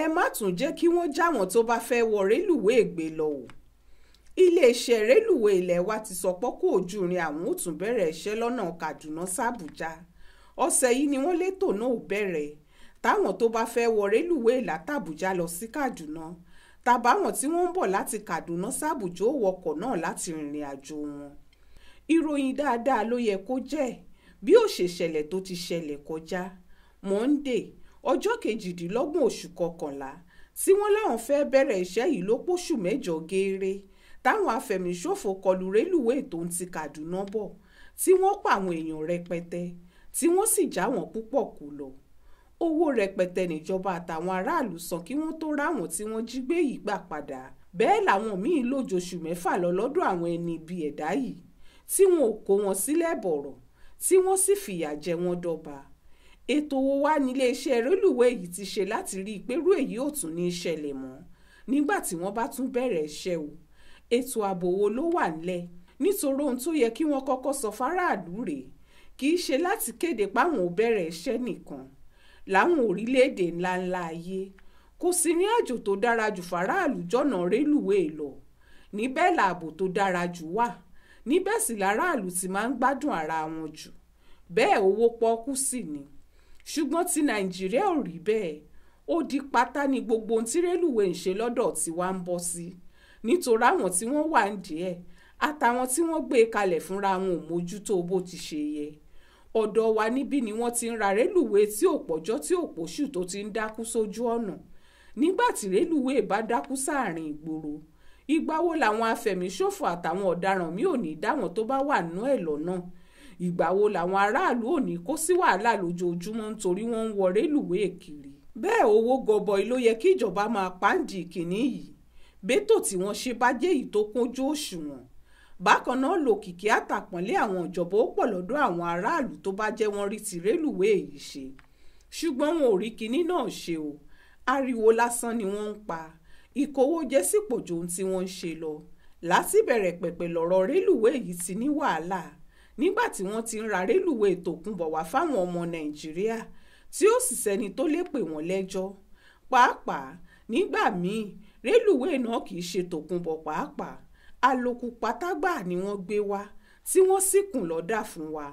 ẹ má tún jẹ́ kí wọ́n jáwọn tó bá fẹ́ wọ rélùwéè gbé lọ o iléeṣẹ́ rélùwéè ilé wa ti sọ pọ́kú òjúrin àwọn ò tún bẹ̀rẹ̀ iṣẹ́ lọ́nà Kaduna sàbújá ọ̀sẹ̀ yìí ni wọ́n létò náà bẹ̀rẹ̀ táwọn tó bá fẹ́ wọ rélùwéè látàbújá lọ sí Kaduna tàbáwọn tí wọ́n ń bọ̀ láti Kaduna sàbújá ó wọkọ̀ náà láti rìnrìn àjò wọn ìròyìn dáadáa ló yẹ kó jẹ́ bí ó tó ti ṣẹlẹ̀ kọjá Monday ọjọ́ kejìdínlọ́gbọ̀n oṣù kọkànlá tí wọ́n láwọn fẹ́ bẹ̀rẹ̀ iṣẹ́ yìí ló póṣù mẹ́jọ géere táwọn afẹ̀míṣòfò kọlù rélùwéè tó ń ti Kàdúná bọ̀ tí wọ́n pa àwọn èèyàn rẹpẹtẹ tí wọ́n sì já wọn púpọ̀ kú lọ owó rẹpẹtẹ níjọba àtàwọn aráàlú san kí wọ́n tó ráwọn tí wọ́n jí gbé yìí gbà padà bẹ́ẹ̀ làwọn míín lòjòṣù mẹ́fà lọ lọ́dọ̀ àwọn ẹni ibi ẹ̀dá yìí tí wọn ò kó wọn sílẹ̀ bọ̀rọ̀ tí wọ́n sì fìyà jẹ wọ́n dọ́ba ètò wa wá níléeṣẹ́ rélùwé yìí ti ṣe láti rí i pé irú èyí ò tún ní í ṣẹlẹ̀ mọ́ nígbà tí wọ́n bá tún bẹ̀rẹ̀ iṣẹ́ o ètò ààbò wo ló wà nílẹ̀ nítorí ohun tó yẹ kí wọ́n kọ́kọ́ sọ fáráàlú rèé kì í ṣe láti kéde páwọn ò bẹ̀rẹ̀ iṣẹ́ nìkan láwọn orílẹ̀-èdè ńláńlá ayé kò sí ní àjò tó dára jù fáráàlú jọ̀nà rélùwé lọ níbẹ̀ lààbò tó dára jù wà níbẹ̀ sì láràlú ti máa ń gbádùn ara wọn jù bẹ́ẹ̀ owó pọ́ọ́kú sì ni ṣùgbọ́n ti nàìjíríà ò rí bẹ́ẹ̀ ó di pátá ni gbogbo ohun tí rélùwé ń ṣe lọ́dọ̀ tiwa ń bọ́ sí nítorí àwọn tí wọ́n wà ń díẹ̀ àtàwọn tí wọ́n gbé e kalẹ̀ fúnra wọn ò mójútó bó ti ṣe yẹ ọ̀dọ̀ wa níbí ni wọ́n ti ń ra rélùwé tí ò pọ̀jọ́ tí ò pọ̀ṣù tó ti ń dákú sójú ọ̀nà nígbà tí rélùwé bá dákú sáàrin ìgboro ìgbà wo làwọn afẹ̀míṣòfò àtàwọn ọ̀daràn mi ò ní dáwọn tó bá wà nú ẹ̀ lọ́nà ìgbà wo làwọn aráàlú ò ní kó sí wàhálà lójoojúmọ́ nítorí wọ́n ń wọ rélùwéè kiri bẹ́ẹ̀ owó gọbọi ló yẹ kí ìjọba máa pàǹdì ìkíní yìí bẹ́tò tí wọ́n ṣe bá jẹ́ èyí tó kójú òṣùwọ̀n bákan náà lòkìkí àtàpọ̀nlé àwọn ìjọba ó pọ̀ lọ́dọ̀ àwọn aráàlú tó bá jẹ́ wọ́n rí ti rélùwéè yìí ṣe ṣùgbọ́n wọn ò rí kinní náà ṣe o ariwo lásán ni wọ́n ń pa ìkówójẹ sípò jòun tí wọ́n ń ṣe lọ láti bẹ̀rẹ̀ pẹ̀pẹ̀ lọ́rọ̀ rélùwéè yìí ti ní wàhálà nígbà tí wọ́n ti ń ra rélùwéè tòkun bọ̀ wá fáwọn ọmọ nàìjíríà tí ó sì sẹ́ni tó lè pè wọ́n lẹ́jọ́ pàápàá nígbà míì rélùwéè náà kì ṣe tòkun pàápàá àlòkù pátágbà ni wọ́n gbé wá tí wọ́n sì kùn lọ́dà fún wa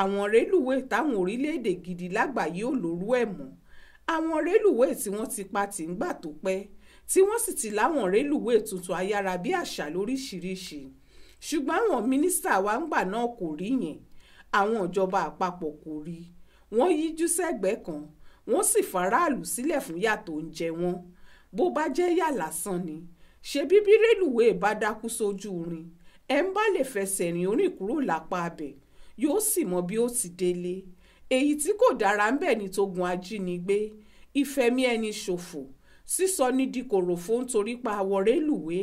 àwọn rélùwéè táwọn orílẹ̀-èdè gidi lágbàáyé ò lórú ẹ̀ mọ́ àwọn rélùwéè tí wọ́n ti pa tì ń gbà tó pẹ́ tí wọ́n sì ti láwọn rélùwéè tuntun ayára bí àṣà lóríṣìíríṣìí ṣùgbọ́n àwọn mínísítà wa ńgbà náà kò rí yẹn àwọn ìjọba àpapọ̀ kò rí wọ́n yíjú sẹ́gbẹ̀ẹ́ kan wọ́n sì faraàlú sílẹ̀ fún yà tó ń jẹ wọ́n bó bá jẹ́ yà lásán ni ṣe bíbí rélùwéè bá dákú sójú rin ẹ̀ ń bá lè fẹsẹ̀ rìn orin kúrò lápá abẹ yóò sì mọ bí ó ti délé èyí tí kò dára ń bẹ̀ ni tógun ajínigbé ìfẹ̀mí ẹni ṣòfò sísọ ní di kòròfó nítorí pa àwọ̀ rélùwéè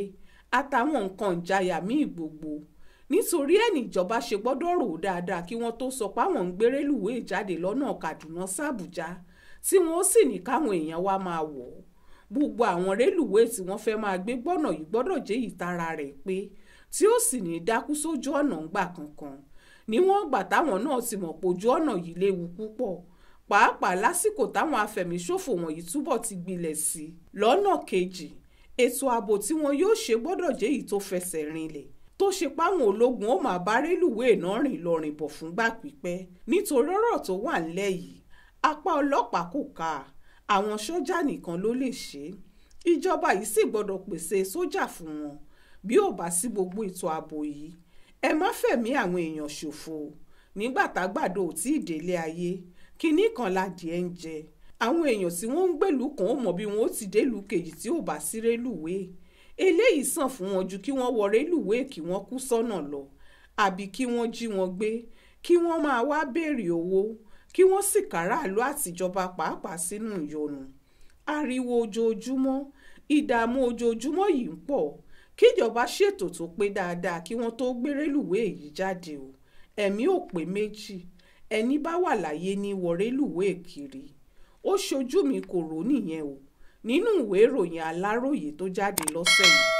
àtàwọn nǹkan ìjayà míì gbogbo nítorí ẹ̀ níjọba ṣe gbọ́dọ̀ rò ó dáadáa kí wọ́n tó sọ páwọn ń gbéré lùwé ìjáde lọ́nà Kaduna sàbújá tí wọ́n ó sì ní káwọn èèyàn wá máa wọ̀ ọ́ gbogbo àwọn rélùwé tí wọ́n fẹ́ máa gbé gbọ́nà yìí gbọ́dọ̀ jẹ́ ìtara rẹ̀ pé tí ó sì ní dákú sójú ọ̀nà ńgbà kankan níwọ̀n ìgbà táwọn náà ti mọ̀ pé ojú yìí léwu púpọ̀ pàápàá lásìkò táwọn afẹ̀míṣòfò wọ̀nyí túbọ̀ ti gbilẹ̀ sí i kejì ètò ààbò tí wọn yóò ṣe gbọ́dọ̀ jẹ́ èyí tó fẹsẹ̀ rinlẹ̀ tó ṣe páwọn ológun ó máa bá rélùwéè náà rìn lọ rìn bọ̀ fúngbà pípẹ́ nítorí ọ̀rọ̀ tó wà ńlẹ̀ yìí apá ọlọ́pàá kò ká àwọn sójà nìkan ló lè ṣe ìjọba yìí sì gbọ́dọ̀ pèsè sójà fún wọn bí ò bá sí gbogbo ètò ààbò yìí ẹ má fẹ̀mí àwọn èèyàn ṣòfò nígbà ò tí ì délé ayé kinní kan la dìé ń jẹ àwọn èèyàn tí wọ́n ń gbèlú kan ó mọ̀ bí wọ́n ó ti délùú kejì tí ò bá sí rélùwéè eléyìí sàn fún wọn ju kí wọ́n wọ rélùwéè kí wọ́n kú sọ́nà lọ àbí kí wọ́n jí wọn gbé kí wọ́n máa wá béèrè owó kí wọ́n sì káràlú àtijọba pàápàá sínú ìyọnu ariwo ojoojúmọ́ ìdààmú ojoojúmọ́ yìí ń pọ̀ kíjọba ṣètò tó pé dáadáa kí wọ́n tó gbé rélùwéè yìí jáde o ẹ̀mí ò pé méjì ẹni bá wà láyé ní wọ rélùwéè kiri ó ṣojú mi kò rò nìyẹn o nínú ìwé ìròyìn aláròye tó jáde lọ́sẹ̀ yìí